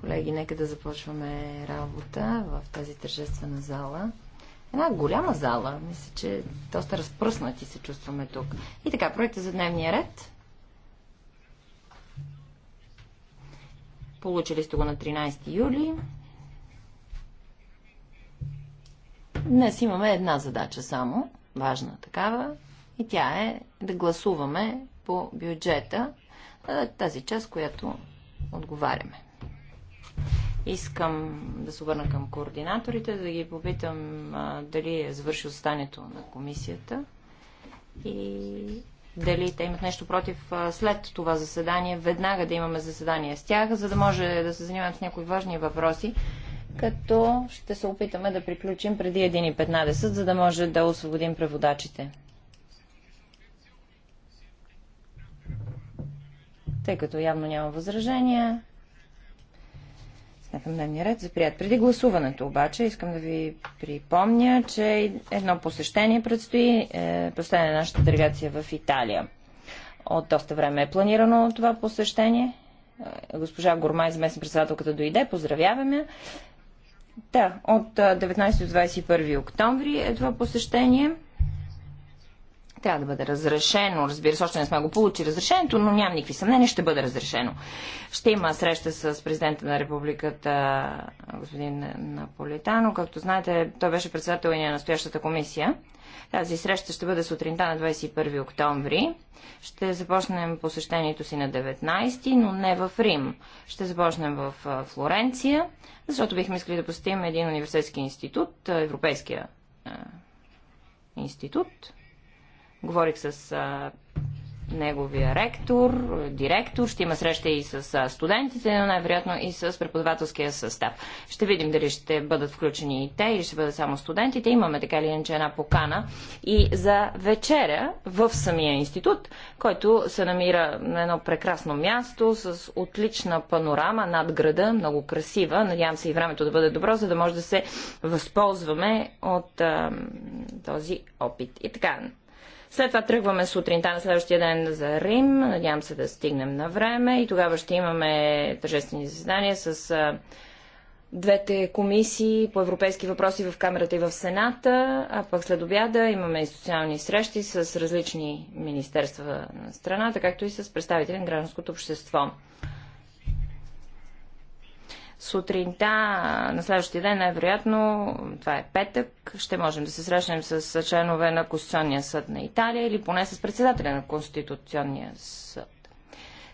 Колеги, нека да започваме работа в тази тържествена зала. Една голяма зала. Мисля, че доста разпръснати се чувстваме тук. И така, проекта за дневния ред. Получили сте го на 13 юли. Днес имаме една задача само, важна такава, и тя е да гласуваме по бюджета тази част, която отговаряме. Искам да се обърна към координаторите, да ги попитам а, дали е завършил застанието на комисията и дали те имат нещо против а, след това заседание, веднага да имаме заседание с тях, за да може да се занимаем с някои важни въпроси, като ще се опитаме да приключим преди 1.15, за да може да освободим преводачите. Тъй като явно няма възражения, Смятам дневния ред за прият. Преди гласуването обаче искам да ви припомня, че едно посещение предстои, е, посещение на нашата делегация в Италия. От доста време е планирано това посещение. Е, госпожа Гормай, заместна председателката, дойде. Поздравяваме. Да, от 19 е, до 21 октомври е това посещение. Трябва да бъде разрешено. Разбира се, още не сме го получили разрешението, но нямам никакви съмнения, ще бъде разрешено. Ще има среща с президента на републиката господин Наполитано. Както знаете, той беше председател на настоящата комисия. Тази среща ще бъде сутринта на 21 октомври. Ще започнем посещението си на 19, но не в Рим. Ще започнем в Флоренция, защото бихме искали да посетим един университетски институт, Европейския институт. Говорих с а, неговия ректор, директор, ще има среща и с студентите, но най-вероятно и с преподавателския състав. Ще видим дали ще бъдат включени и те, или ще бъдат само студентите. Имаме така или иначе една покана и за вечеря в самия институт, който се намира на едно прекрасно място с отлична панорама над града, много красива. Надявам се и времето да бъде добро, за да може да се възползваме от а, този опит. И така, след това тръгваме сутринта на следващия ден за Рим. Надявам се да стигнем на време и тогава ще имаме тържествени заседания с двете комисии по европейски въпроси в Камерата и в Сената, а пък след обяда имаме и социални срещи с различни министерства на страната, както и с представители на гражданското общество сутринта на следващия ден, най-вероятно, това е петък, ще можем да се срещнем с членове на Конституционния съд на Италия или поне с председателя на Конституционния съд.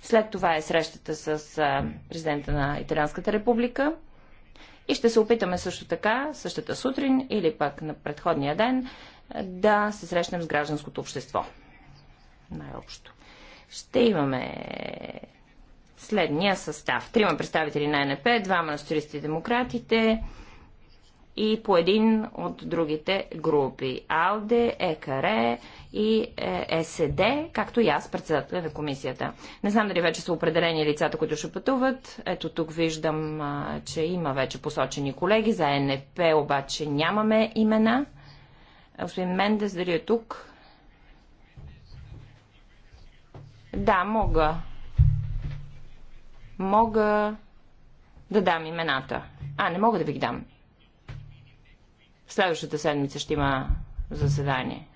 След това е срещата с президента на Италианската република. И ще се опитаме също така, същата сутрин или пък на предходния ден, да се срещнем с гражданското общество. Най-общо. Ще имаме следния състав. Трима представители на НП, двама на социалистите и демократите и по един от другите групи. АЛДЕ, ЕКАРЕ и ЕСД, е както и аз, председателя на комисията. Не знам дали вече са определени лицата, които ще пътуват. Ето тук виждам, че има вече посочени колеги. За НП обаче нямаме имена. Господин Мендес, дали е тук? Да, мога Мога да дам имената. А, не мога да ви ги дам. Следващата седмица ще има заседание.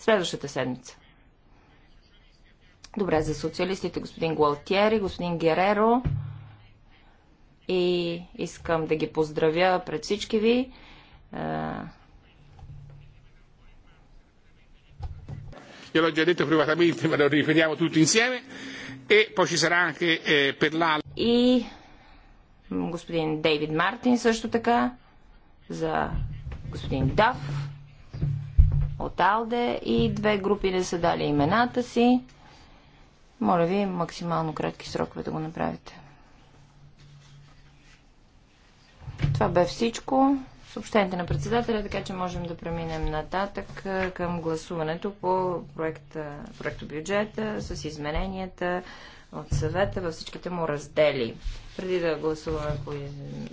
Следващата седмица. Добре, за социалистите господин Гуалтиери, господин Гереро и искам да ги поздравя пред всички ви. Io l'ho già detto privatamente, ma lo ripetiamo tutti insieme e poi ci sarà anche eh, per l'Al. И господин Дейвид Мартин също така за господин Дав от Алде и две групи да са дали имената си. Моля ви, максимално кратки срокове да го направите. Това бе всичко съобщените на председателя, така че можем да преминем нататък към гласуването по проекта, проекта бюджета с измененията от съвета във всичките му раздели. Преди да гласуваме по...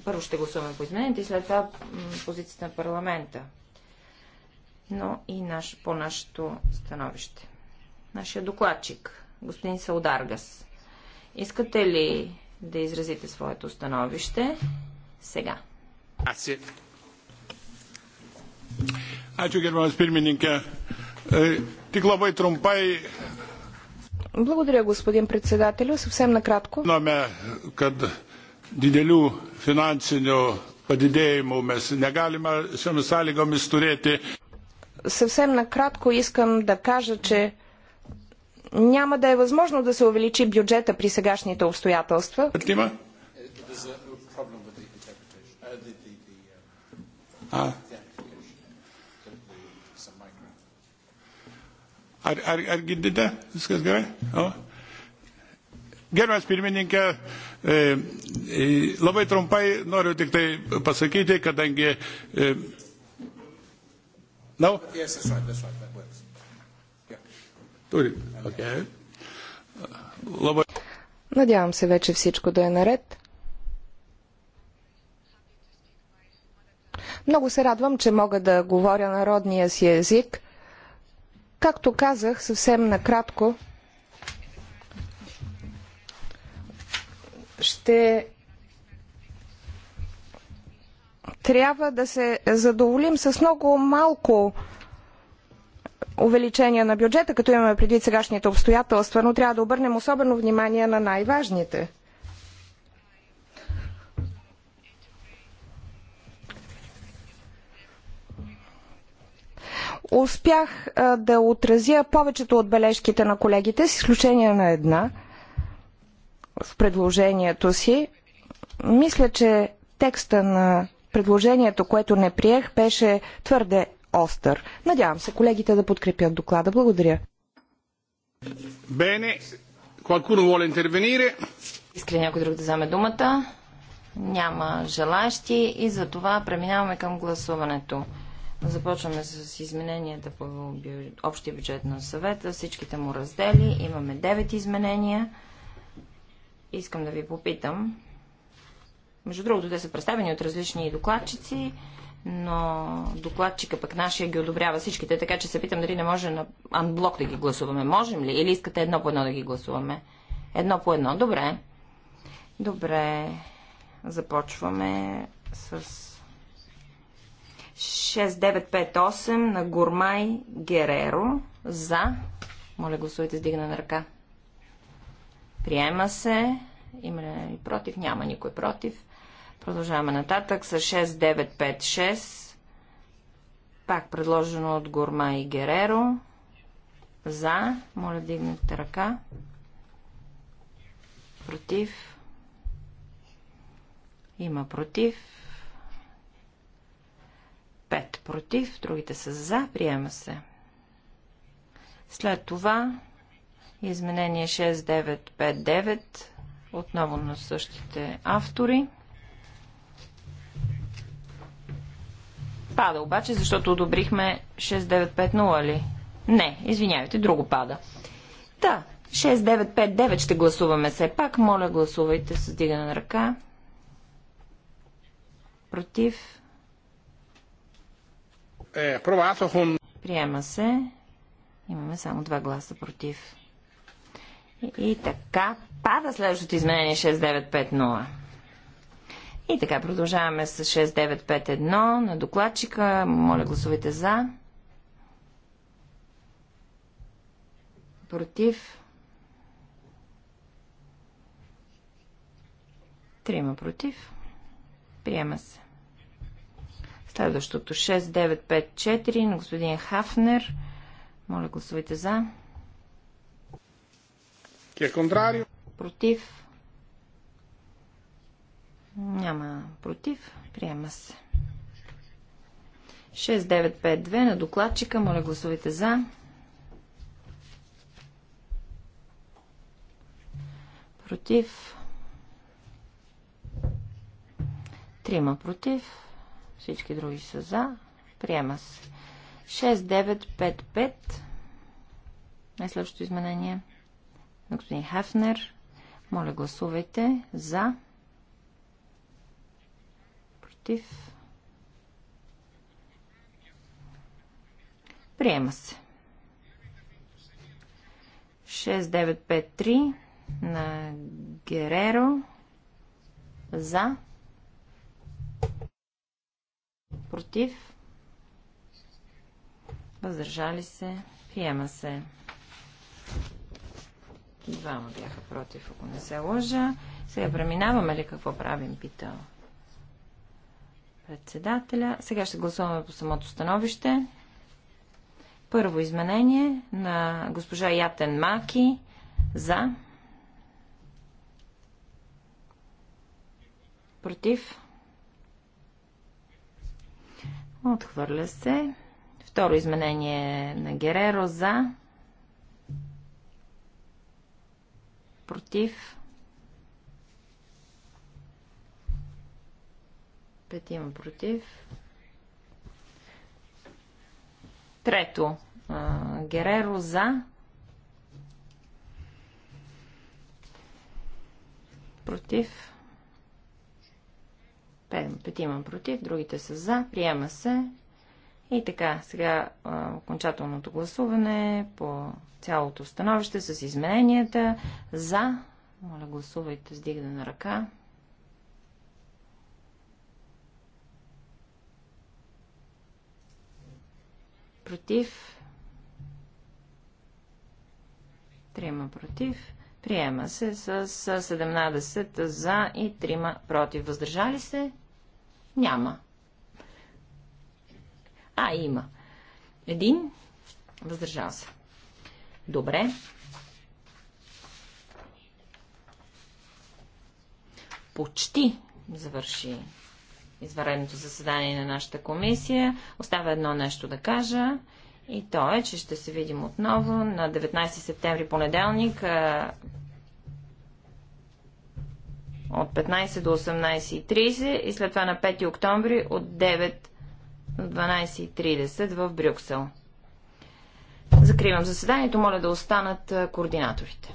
Първо ще гласуваме по измененията и след това позицията на парламента. Но и наш, по нашето становище. Нашия докладчик, господин Саударгас. Искате ли да изразите своето становище сега? Аз Ačiū, gerbiamas pirmininkė. E, tik labai Благодаря, господин председателю. Съвсем накратко. Знаме, didelių padidėjimų mes negalime šiomis sąlygomis turėti. Съвсем накратко искам да кажа, че няма да е възможно да се увеличи бюджета при сегашните обстоятелства. А, Ar, ar, ar girdite? Viskas gerai? O. Gerbiamas pirmininkė, labai trumpai noriu tik tai pasakyti, kadangi. No? Yes, that's right, Okay. Labai... Надявам се вече всичко да е наред. Много се радвам, че мога да говоря народния си език. Както казах съвсем накратко, ще трябва да се задоволим с много малко увеличение на бюджета, като имаме предвид сегашните обстоятелства, но трябва да обърнем особено внимание на най-важните – успях да отразя повечето от бележките на колегите, с изключение на една в предложението си. Мисля, че текста на предложението, което не приех, беше твърде остър. Надявам се колегите да подкрепят доклада. Благодаря. Бене, qualcuno vuole intervenire? Искри някой друг да вземе думата? Няма желащи и за това преминаваме към гласуването. Започваме с измененията по общия бюджет на съвета, всичките му раздели. Имаме 9 изменения. Искам да ви попитам. Между другото, те са представени от различни докладчици, но докладчика пък нашия ги одобрява всичките, така че се питам дали не може на анблок да ги гласуваме. Можем ли? Или искате едно по едно да ги гласуваме? Едно по едно. Добре. Добре. Започваме с 6958 на Гурмай Гереро. За. Моля, гласувайте с дигане на ръка. Приема се. Има ли против? Няма никой против. Продължаваме нататък с 6956. Пак предложено от Гурмай Гереро. За. Моля, дигнете ръка. Против. Има против. 5 против, другите са за, приема се. След това изменение 6959, отново на същите автори. Пада обаче, защото одобрихме 6950 ли? Не, извинявайте, друго пада. Да, 6959 ще гласуваме все пак. Моля, гласувайте с дигане на ръка. Против. Е, Приема се. Имаме само два гласа против. И така, пада следващото изменение 6950. И така, продължаваме с 6951 на докладчика. Моля, гласувайте за. Против. Трима против. Приема се. Следващото 6954 на господин Хафнер. Моля гласувайте за. Ке контрарио? Против. Няма против. Приема се. 6952 на докладчика. Моля гласувайте за. Против. Трима против. Всички други са за. Приема се. 6955 най следващото изменение. На господин Хафнер. Моля, гласувайте за. Против. Приема се. 6953 на Гереро. За против, въздържали се, приема се. Двама бяха против, ако не се лъжа. Сега преминаваме ли какво правим, пита председателя. Сега ще гласуваме по самото становище. Първо изменение на госпожа Ятен Маки за против Отхвърля се. Второ изменение на Гереро за. Против. Петима против. Трето. Гереро за. Против. Петима против, другите са за, приема се. И така, сега а, окончателното гласуване по цялото становище с измененията. За, моля гласувайте с дигане на ръка. Против. Трима против. Приема се с 17 за и 3 против. Въздържали се? Няма. А, има. Един. Въздържал се. Добре. Почти завърши извареното заседание на нашата комисия. Остава едно нещо да кажа. И то е, че ще се видим отново на 19 септември понеделник от 15 до 18.30 и след това на 5 октомври от 9 до 12.30 в Брюксел. Закривам заседанието. Моля да останат координаторите.